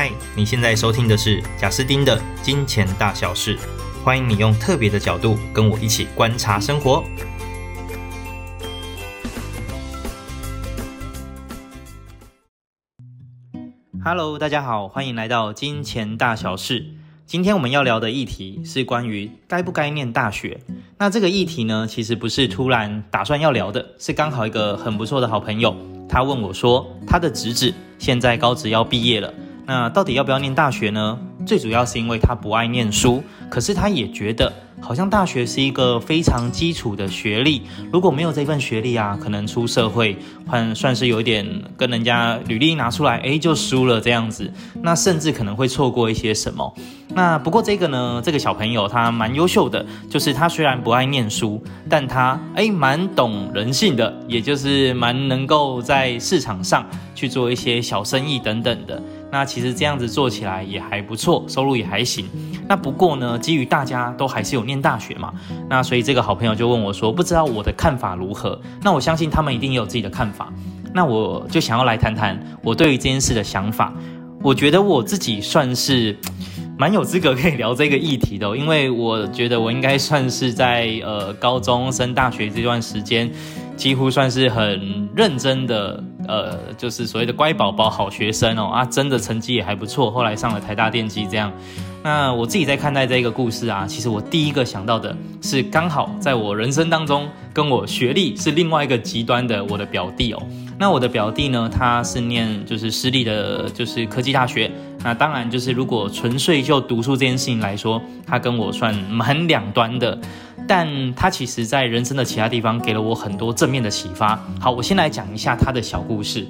嗨，你現在收聽的是賈斯丁的《金錢大小事》，歡迎你用特別的角度跟我一起觀察生活。Hello，大家好，歡迎來到《金錢大小事》。今天我們要聊的議題是關於該不該念大學。那這個議題呢，其實不是突然打算要聊的，是剛好一個很不錯的好朋友，他問我說，他的侄子現在高職要畢業了。那到底要不要念大學呢？最主要是因為他不愛念書，可是他也覺得好像大學是一個非常基礎的學歷，如果沒有這份學歷啊，可能出社會還算是有點跟人家履歷拿出來，欸，就輸了這樣子。那甚至可能會錯過一些什麼。那不過這個呢，這個小朋友他蠻優秀的，就是他雖然不愛念書，但他欸，蠻懂人性的，也就是蠻能夠在市場上去做一些小生意等等的。那其實這樣子做起來也還不錯，收入也還行。那不過呢，基於大家都還是有念大學嘛，那所以這個好朋友就問我說：“不知道我的看法如何？”那我相信他們一定也有自己的看法。那我就想要來談談我對於這件事的想法。我覺得我自己算是蠻有資格可以聊這個議題的哦，因為我覺得我應該算是在呃高中升大學這段時間，幾乎算是很認真的。呃，就是所謂的乖寶寶、好學生哦，啊，真的成績也還不錯，後來上了台大電機這樣。那我自己在看待這個故事啊，其實我第一個想到的是，剛好在我人生當中，跟我學歷是另外一個極端的我的表弟哦。那我的表弟呢？他是念就是私立的，就是科技大學。那當然，就是如果純粹就讀書這件事情來說，他跟我算蠻兩端的。但他其實在人生的其他地方給了我很多正面的啟發。好，我先來講一下他的小故事。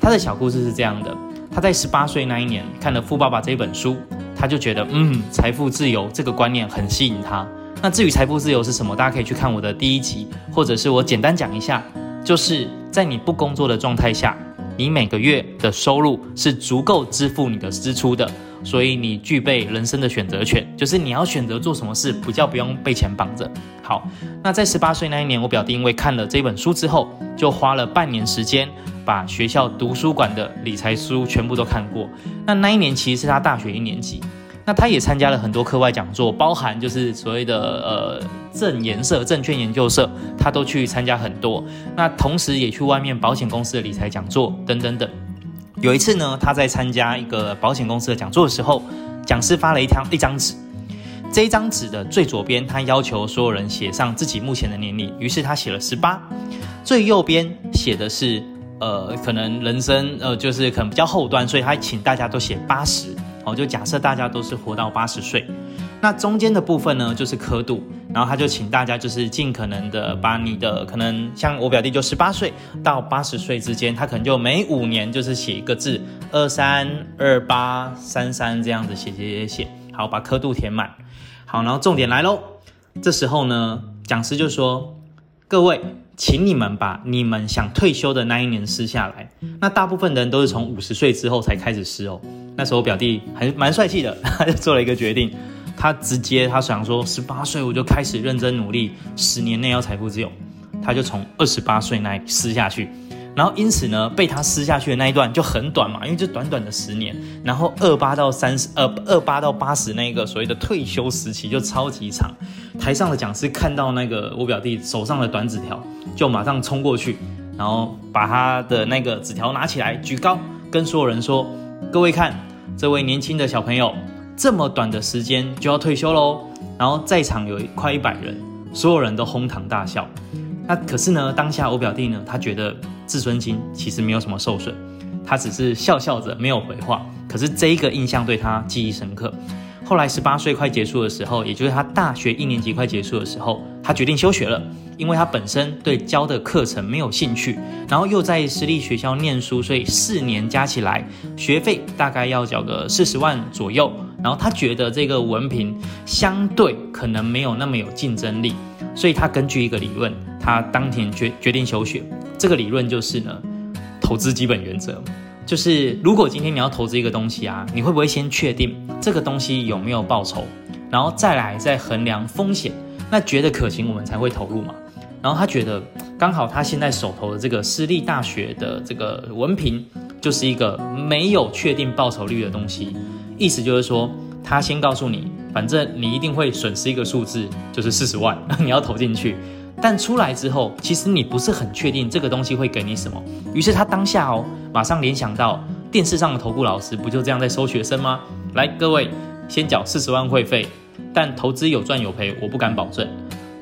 他的小故事是這樣的：他在十八歲那一年看了《富爸爸》這一本書，他就覺得嗯，財富自由這個觀念很吸引他。那至於財富自由是什麼，大家可以去看我的第一集，或者是我簡單講一下。就是在你不工作的狀態下，你每個月的收入是足夠支付你的支出的，所以你具備人生的選擇權，就是你要選擇做什麼事，比較不用被錢綁着。好，那在十八歲那一年，我表弟因為看了這本書之後，就花了半年時間把學校圖書館的理財書全部都看過。那那一年其實是他大學一年級。那他也參加了很多課外講座，包含就是所謂的呃證研社、證券研究社，他都去參加很多。那同時也去外面保險公司的理財講座等等等。有一次呢，他在參加一個保險公司的講座的時候，講師發了一張一張紙，這一張紙的最左邊他要求所有人寫上自己目前的年齡，於是他寫了十八，最右邊寫的是呃可能人生呃就是可能比較後端，所以他請大家都寫八十。好，就假設大家都是活到八十歲，那中間的部分呢，就是刻度。然後他就請大家就是盡可能的把你的可能，像我表弟就十八歲到八十歲之間，他可能就每五年就是寫一個字，二三二八三三這樣子寫寫寫寫。好，把刻度填滿。好，然後重點來嘍。這時候呢，講師就說各位，請你們把你們想退休的那一年撕下來。那大部分人都是從五十歲之後才開始撕哦。那時候我表弟還蠻帥氣的，他就做了一個決定，他直接他想說，十八歲我就開始認真努力，十年內要財富自由，他就從二十八歲那裡撕下去。然後因此呢，被他撕下去的那一段就很短嘛，因為就短短的十年。然後二八到三十，呃，二、二八到八十，那個所謂的退休時期就超級長。台上的講師看到那個我表弟手上的短紙條，就馬上衝過去，然後把他的那個紙條拿起來舉高，跟所有人說：“各位看，這位年輕的小朋友這麼短的時間就要退休嘍。”然後在場有快一百人，所有人都哄堂大笑。那可是呢，當下我表弟呢，他覺得自尊心其實沒有什麼受損，他只是笑笑着沒有回話。可是這一個印象對他記憶深刻。後來十八歲快結束的時候，也就是他大學一年級快結束的時候，他決定休學了，因為他本身對教的課程沒有興趣，然後又在私立學校念書，所以四年加起來學費大概要繳個四十萬左右。然後他覺得這個文憑相對可能沒有那麼有競爭力。所以他根據一個理論，他當天決決定休學。這個理論就是呢，投資基本原則，就是如果今天你要投資一個東西啊，你會不會先確定這個東西有沒有報酬，然後再來再衡量風險，那覺得可行，我們才會投入嘛。然後他覺得，剛好他現在手頭的這個私立大學的這個文憑，就是一個沒有確定報酬率的東西，意思就是說。他先告訴你，反正你一定會損失一個數字，就是四十萬，你要投進去。但出來之後，其實你不是很確定這個東西會給你什麼。於是他當下哦，馬上聯想到電視上的投顧老師不就這樣在收學生嗎？來，各位先繳四十萬會費，但投資有賺有賠，我不敢保證。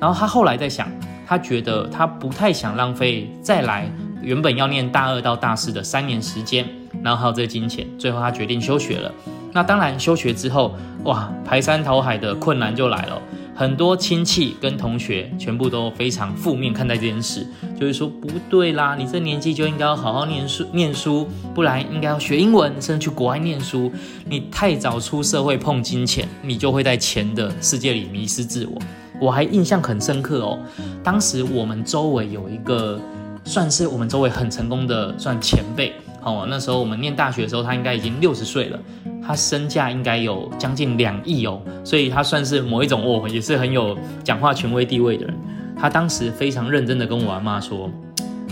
然後他後來在想，他覺得他不太想浪費再來原本要念大二到大四的三年時間。然後還有這個金錢，最後他決定休學了。那當然，休學之後，哇，排山倒海的困難就來了。很多親戚跟同學全部都非常負面看待這件事，就是說不對啦，你這年紀就應該要好好念書，念書，不然應該要學英文，甚至去國外念書。你太早出社會碰金錢，你就會在錢的世界裡迷失自我。我還印象很深刻哦，當時我們周圍有一個，算是我們周圍很成功的算前輩。好、哦，那時候我們念大學的時候，他應該已經六十歲了，他身價應該有將近兩億哦，所以他算是某一種我、哦、也是很有講話權威地位的人。他當時非常認真的跟我阿媽說，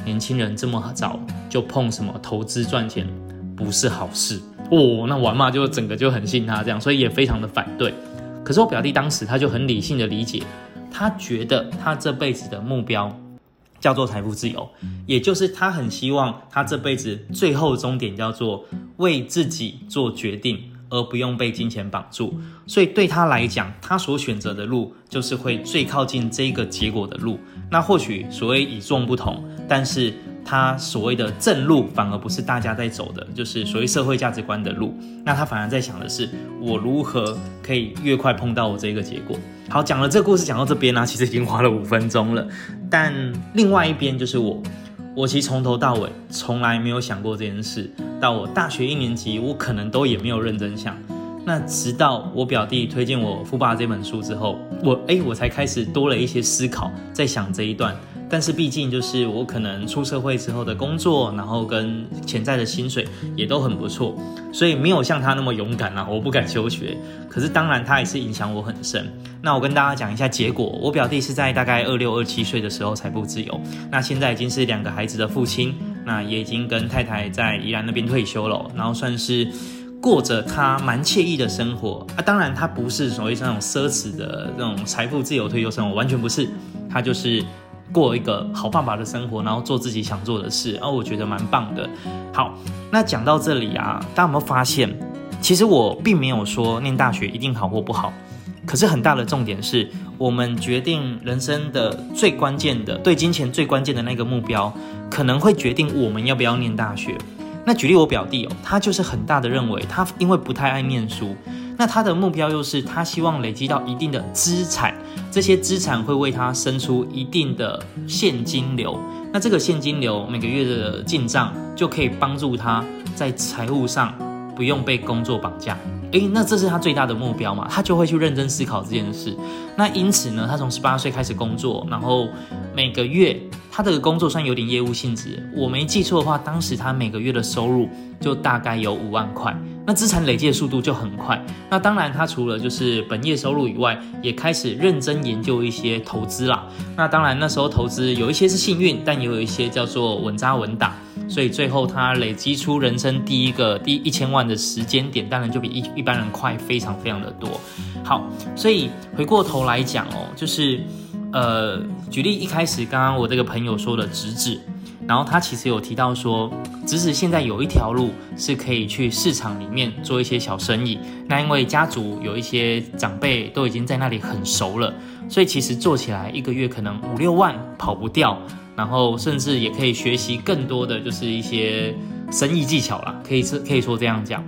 年輕人這麼早就碰什麼投資賺錢，不是好事哦。那我阿媽就整個就很信他這樣，所以也非常的反對。可是我表弟當時他就很理性的理解，他覺得他這輩子的目標。叫做財富自由，也就是他很希望他這輩子最後終點叫做為自己做決定，而不用被金錢綁住。所以對他來講，他所選擇的路就是會最靠近這個結果的路。那或許所謂與眾不同，但是他所謂的正路反而不是大家在走的，就是所謂社會價值觀的路。那他反而在想的是，我如何可以越快碰到我這個結果。好，講了這個故事講到這邊呢、啊，其實已經花了五分鐘了。但另外一邊就是我，我其實從頭到尾從來沒有想過這件事。到我大學一年級，我可能都也沒有認真想。那直到我表弟推薦我《富爸爸》這本書之後，我哎、欸，我才開始多了一些思考，在想這一段。但是畢竟就是我可能出社會之後的工作，然後跟潛在的薪水也都很不錯，所以沒有像他那麼勇敢啊，我不敢休學。可是當然他也是影響我很深。那我跟大家講一下結果，我表弟是在大概二六二七歲的時候財富自由，那現在已經是兩個孩子的父親，那也已經跟太太在宜蘭那邊退休了哦，然後算是過着他蠻愜意的生活啊。當然他不是所謂那種奢侈的那種財富自由退休生活，完全不是，他就是。過一個好爸爸的生活，然後做自己想做的事，啊，我覺得蠻棒的。好，那講到這裡啊，大家有沒有發現，其實我並沒有說念大學一定好或不好，可是很大的重點是我們決定人生的最關鍵的對金錢最關鍵的那個目標，可能會決定我們要不要念大學。那舉例，我表弟哦，他就是很大的認為他因為不太愛念書，那他的目標又是他希望累積到一定的資產。這些資產會為他生出一定的現金流，那這個現金流每個月的進賬就可以幫助他，在財務上不用被工作綁架。哎，那這是他最大的目標嘛，他就會去認真思考這件事。那因此呢，他從十八歲開始工作，然後每個月他的工作算有點業務性質。我沒記錯的話，當時他每個月的收入就大概有五萬塊，那資產累積的速度就很快。那當然，他除了就是本業收入以外，也開始認真研究一些投資啦。那當然，那時候投資有一些是幸運，但也有一些叫做穩紮穩打。所以最後他累積出人生第一個第一千萬的時間點，當然就比一一般人快非常非常的多。好，所以回過頭來講哦，就是呃，舉例一開始剛剛我這個朋友說的侄子，然後他其實有提到說，侄子現在有一條路是可以去市場裡面做一些小生意。那因為家族有一些長輩都已經在那裡很熟了，所以其實做起來一個月可能五六萬跑不掉。然後甚至也可以學習更多的就是一些生意技巧啦，可以是可以說這樣講。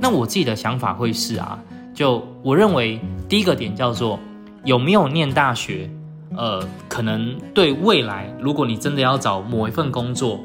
那我自己的想法會是啊，就我認為第一個點叫做有沒有念大學，呃，可能對未來如果你真的要找某一份工作，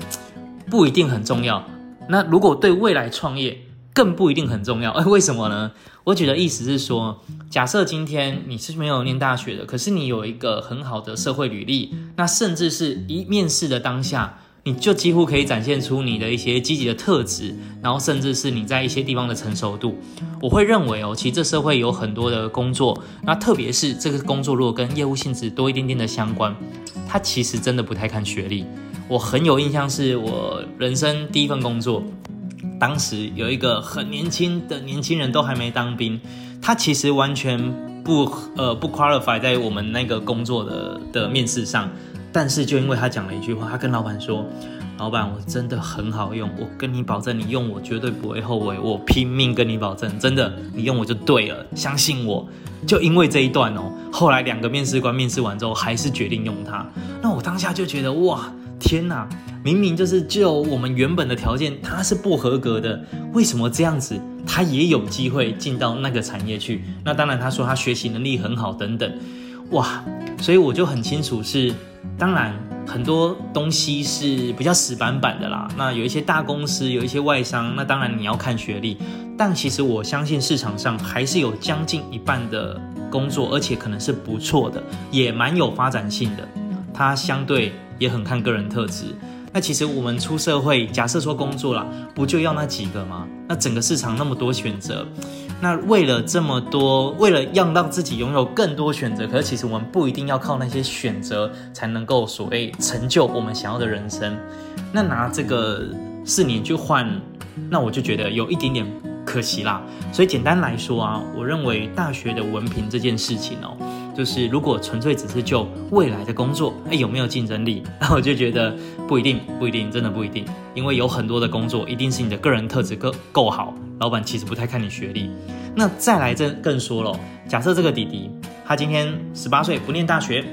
不一定很重要。那如果對未來創業，更不一定很重要，哎，為什麼呢？我覺得意思是說，假設今天你是沒有念大學的，可是你有一個很好的社會履歷，那甚至是一面試的當下，你就幾乎可以展現出你的一些積極的特質，然後甚至是你在一些地方的成熟度。我會認為哦，其實這社會有很多的工作，那特別是這個工作如果跟業務性質多一點點的相關，它其實真的不太看學歷。我很有印象，是我人生第一份工作。當時有一個很年輕的年輕人，都還沒當兵，他其實完全不呃不 qualify 在我們那個工作的的面試上，但是就因為他講了一句話，他跟老板說：“老板，我真的很好用，我跟你保證，你用我絕對不會後悔，我拼命跟你保證，真的，你用我就對了，相信我。”就因為這一段哦，後來兩個面試官面試完之後，還是決定用他。那我當下就覺得哇。天吶，明明就是就我們原本的條件，他是不合格的，為什麼這樣子他也有機會進到那個產業去？那當然，他說他學習能力很好等等，哇，所以我就很清楚是，當然很多東西是比較死板板的啦。那有一些大公司，有一些外商，那當然你要看學歷，但其實我相信市場上還是有將近一半的工作，而且可能是不錯的，也蠻有發展性的，它相對。也很看個人特質。那其實我們出社會，假設說工作啦，不就要那幾個嗎？那整個市場那麼多選擇，那為了這麼多，為了讓讓自己擁有更多選擇，可是其實我們不一定要靠那些選擇才能夠所謂成就我們想要的人生。那拿這個四年去換，那我就覺得有一點點可惜啦。所以簡單來說啊，我認為大學的文憑這件事情哦、喔。就是如果純粹只是就未來的工作，哎有沒有競爭力？那我就覺得不一定，不一定，真的不一定，因為有很多的工作一定是你的個人特質夠夠好，老闆其實不太看你學歷。那再來這更說了，假設這個弟弟他今天十八歲不念大學，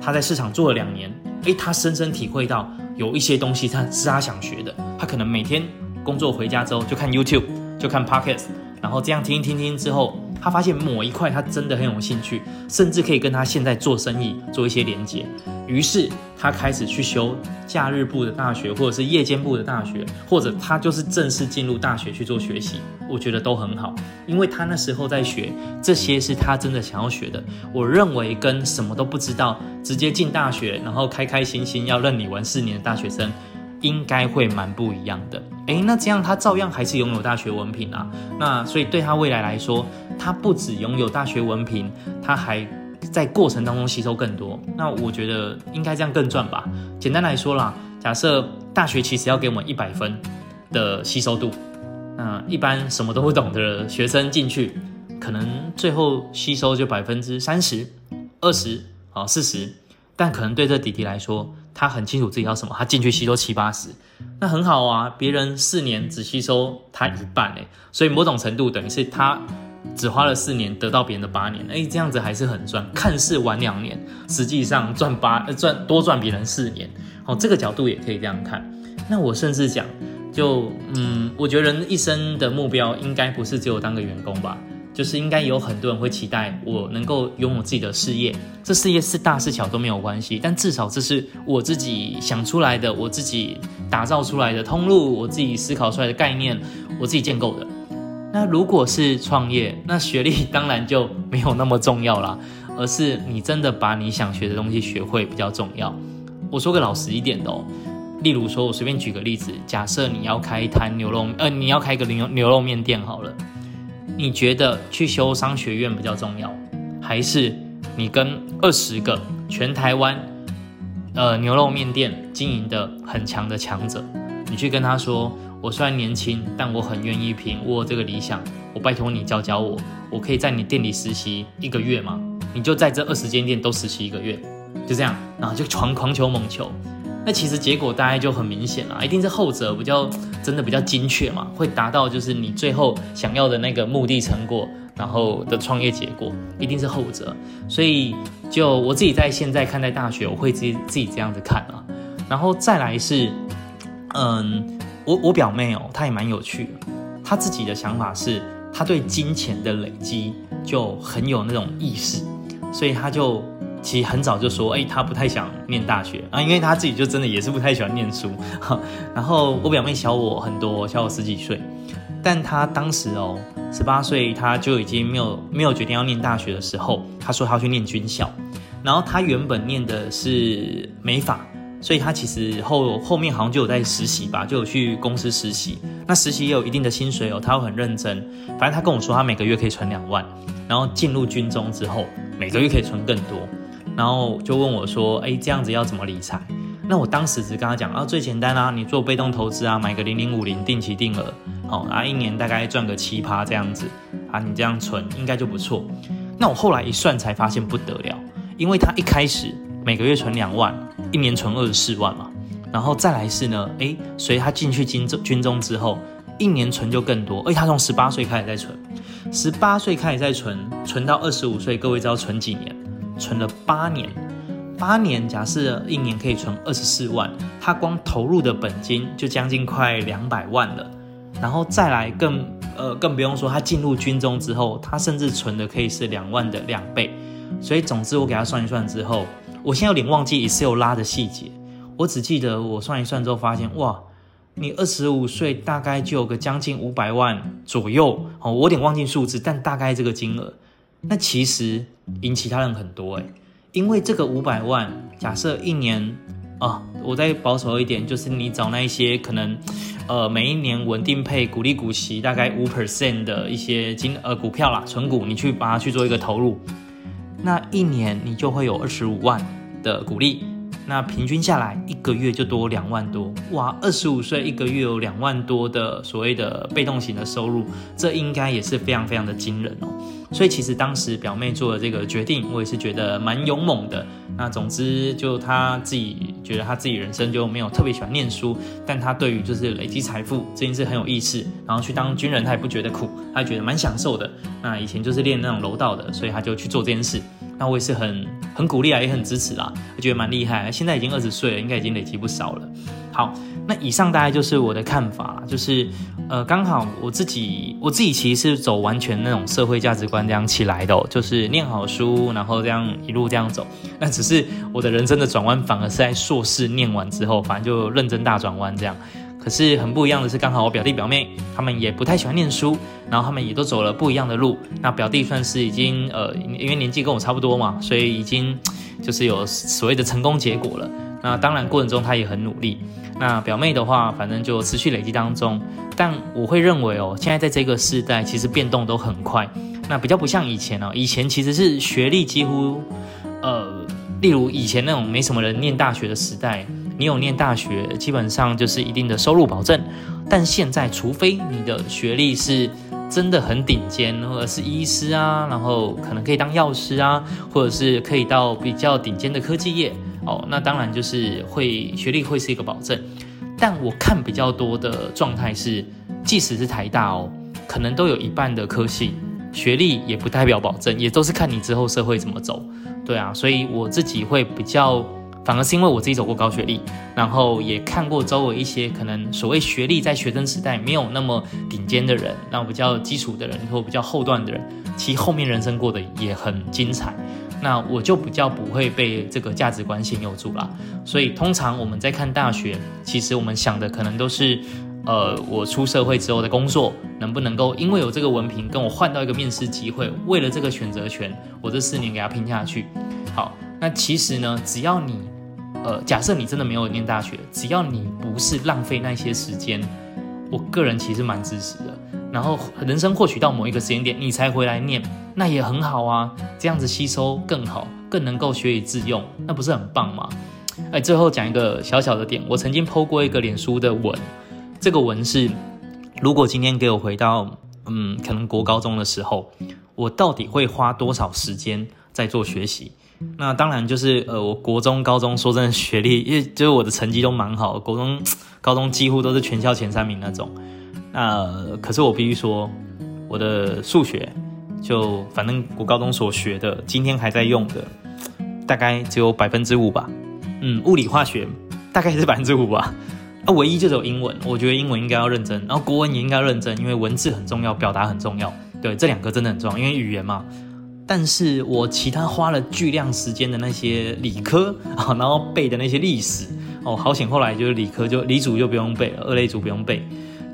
他在市場做了兩年，誒，他深深體會到有一些東西他是他想學的，他可能每天工作回家之後就看 YouTube，就看 Podcast，然後這樣聽一聽聽之後。他發現某一塊他真的很有興趣，甚至可以跟他現在做生意做一些連接。於是他開始去修假日部的大學，或者是夜間部的大學，或者他就是正式進入大學去做學習。我覺得都很好，因為他那時候在學這些是他真的想要學的。我認為跟什麼都不知道直接進大學，然後開開心心要任你玩四年的大學生，應該會蠻不一樣的，哎、欸，那這樣他照樣還是擁有大學文憑啊，那所以對他未來來說，他不只擁有大學文憑，他還在過程當中吸收更多。那我覺得應該這樣更賺吧。簡單來說啦，假設大學其實要給我們一百分的吸收度，嗯，一般什麼都不懂的學生進去，可能最後吸收就百分之三十、二十啊、四十，但可能對這弟弟來說。他很清楚自己要什麼，他進去吸收七八十，那很好啊。別人四年只吸收他一半哎，所以某種程度等於是他只花了四年得到別人的八年哎、欸，這樣子還是很賺。看似晚兩年，實際上賺八，呃，賺多賺別人四年。好、哦，這個角度也可以這樣看。那我甚至講，就嗯，我覺得人一生的目標應該不是只有當個員工吧。就是應該有很多人會期待我能夠擁有自己的事業，這事業是大是小都沒有關係，但至少這是我自己想出來的，我自己打造出來的通路，我自己思考出來的概念，我自己建構的。那如果是創業，那學歷當然就沒有那麼重要啦，而是你真的把你想學的東西學會比較重要。我說個老實一點的哦，例如說我隨便舉個例子，假設你要開一攤牛肉，呃，你要開一個牛牛肉麵店好了。你覺得去修商學院比較重要，還是你跟二十個全台灣，呃，牛肉麵店經營的很強的強者，你去跟他說，我雖然年輕，但我很願意憑我這個理想，我拜託你教教我，我可以在你店裡實習一個月嗎？你就在這二十間店都實習一個月，就這樣，然後就狂求猛求。那其實結果大概就很明顯了，一定是後者比較真的比較精確嘛，會達到就是你最後想要的那個目的成果，然後的創業結果一定是後者。所以就我自己在現在看待大學，我會自己自己這樣子看啊。然後再來是，嗯，我我表妹哦，她也蠻有趣的，她自己的想法是，她對金錢的累積就很有那種意識，所以她就。其實很早就說，哎、欸，他不太想念大學啊，因為他自己就真的也是不太喜歡念書哈。然後我表妹，妹小我很多，小我十幾歲，但她當時哦，十八歲，她就已經沒有沒有決定要念大學的時候，她說她要去念軍校。然後她原本念的是美髮，所以她其實後後面好像就有在實習吧，就有去公司實習。那實習也有一定的薪水哦，她會很認真。反正她跟我說，她每個月可以存兩萬，然後進入軍中之後，每個月可以存更多。然後就問我說：“哎，這樣子要怎麼理財？”那我當時只跟他講啊，最簡單啊，你做被動投資啊，買個零零五零定期定額，好、哦、啊，一年大概賺個七趴這樣子啊，你這樣存應該就不錯。那我後來一算才發現不得了，因為他一開始每個月存兩萬，一年存二十四萬嘛，然後再來是呢，哎，所以他進去金中軍中之後，一年存就更多。哎，他從十八歲開始在存，十八歲開始在存，存到二十五歲，各位知道存幾年？存了八年，八年假設一年可以存二十四萬，他光投入的本金就將近快兩百萬了，然後再來更呃更不用說他進入軍中之後，他甚至存的可以是兩萬的兩倍，所以總之我給他算一算之後，我現在有點忘記 Excel 啦的細節，我只記得我算一算之後發現哇，你二十五歲大概就有個將近五百萬左右哦，我有點忘記數字，但大概這個金額。那其實贏其他人很多哎，因為這個五百萬，假設一年啊、哦，我再保守一點，就是你找那一些可能，呃，每一年穩定配股利股息，大概五 percent 的一些金呃股票啦，存股，你去把它、啊、去做一個投入，那一年你就會有二十五萬的股利，那平均下來一個月就多兩萬多哇，二十五歲一個月有兩萬多的所謂的被動型的收入，這應該也是非常非常的驚人哦。所以其實當時表妹做的這個決定，我也是覺得蠻勇猛的。那總之就她自己覺得她自己人生就沒有特別喜歡念書，但她對於就是累積財富這件事很有意思。然後去當軍人，她也不覺得苦，她覺得蠻享受的。那以前就是練那種柔道的，所以她就去做這件事。那我也是很很鼓勵啊，也很支持啦，我覺得蠻厲害啊。現在已經二十歲了，應該已經累積不少了。好，那以上大概就是我的看法，就是，呃，剛好我自己我自己其實是走完全那種社會價值觀這樣起來的喔，就是念好書，然後這樣一路這樣走。那只是我的人生的轉彎反而是在碩士念完之後，反正就認真大轉彎這樣。可是很不一樣的是，剛好我表弟表妹他們也不太喜歡念書，然後他們也都走了不一樣的路。那表弟算是已經呃，因為年紀跟我差不多嘛，所以已經就是有所謂的成功結果了。那當然過程中他也很努力。那表妹的話，反正就持續累積當中。但我會認為哦，現在在這個時代，其實變動都很快。那比較不像以前哦，以前其實是學歷幾乎，呃，例如以前那種沒什麼人念大學的時代，你有念大學，基本上就是一定的收入保證。但現在，除非你的學歷是真的很頂尖，或者是醫師啊，然後可能可以當藥師啊，或者是可以到比較頂尖的科技業。哦，那當然就是會學歷會是一個保證，但我看比較多的狀態是，即使是台大哦，可能都有一半的科系，學歷也不代表保證，也都是看你之後社會怎麼走。對啊，所以我自己會比較，反而是因為我自己走過高學歷，然後也看過周圍一些可能所謂學歷在學生時代沒有那麼頂尖的人，然後比較基礎的人或者比較後段的人，其實後面人生過得也很精彩。那我就比較不會被這個價值觀吸引住啦，所以通常我們在看大學，其實我們想的可能都是，呃，我出社會之後的工作能不能夠，因為有這個文憑跟我換到一個面試機會，為了這個選擇權，我這四年給他拼下去。好，那其實呢，只要你，呃，假設你真的沒有念大學，只要你不是浪費那些時間，我個人其實蠻支持的。然後人生獲取到某一個時間點，你才回來念，那也很好啊，這樣子吸收更好，更能夠學以致用，那不是很棒嗎？哎，最後講一個小小的點，我曾經 PO 過一個臉書的文，這個文是，如果今天給我回到，嗯，可能國高中的時候，我到底會花多少時間在做學習？那當然就是，呃，我國中、高中，說真的，學歷因為就是我的成績都蠻好的，國中、高中幾乎都是全校前三名那種。那、呃、可是我必須說，我的數學就反正我高中所學的，今天還在用的，大概只有百分之五吧。嗯，物理化學大概也是百分之五吧。啊、呃，唯一就是有英文，我覺得英文應該要認真，然後國文也應該要認真，因為文字很重要，表達很重要。對，這兩個真的很重要，因為語言嘛。但是我其他花了巨量時間的那些理科啊、哦，然後背的那些歷史哦，好險後來就是理科就理組就不用背了，二類組不用背。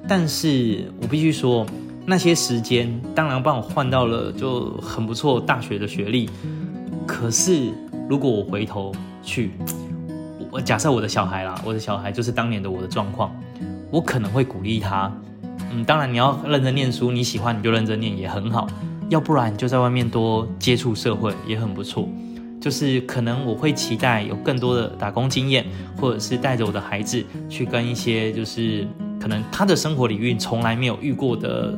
但是我必須說，那些時間當然幫我換到了就很不錯大學的學歷。可是如果我回頭去，我假設我的小孩啦，我的小孩就是當年的我的狀況，我可能會鼓勵他，嗯，當然你要認真念書，你喜歡你就認真念也很好，要不然你就在外面多接觸社會也很不錯。就是可能我會期待有更多的打工經驗，或者是帶着我的孩子去跟一些就是。可能他的生活領域從來沒有遇過的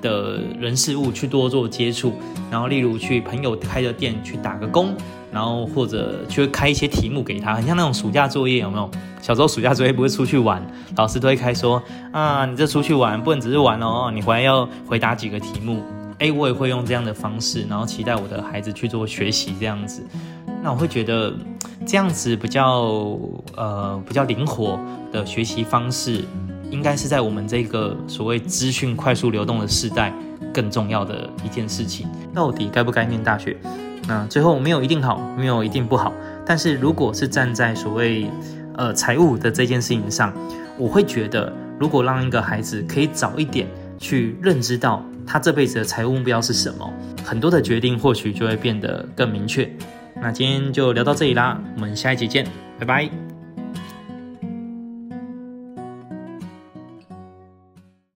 的人事物去多做接觸，然後例如去朋友開的店去打個工，然後或者去開一些題目給他，很像那種暑假作業，有沒有？小時候暑假作業不會出去玩，老師都會開說啊，你這出去玩不能只是玩哦，你回來要回答幾個題目。哎、欸，我也會用這樣的方式，然後期待我的孩子去做學習這樣子。那我會覺得這樣子比較呃比較靈活的學習方式，應該是在我們這個所謂資訊快速流動的時代，更重要的一件事情，到底該不該念大學？那最後沒有一定好，沒有一定不好。但是如果是站在所謂呃財務的這件事情上，我會覺得，如果讓一個孩子可以早一點去認知到他這輩子的財務目標是什麼，很多的決定或許就會變得更明確。那今天就聊到這裡啦，我們下一集見，拜拜。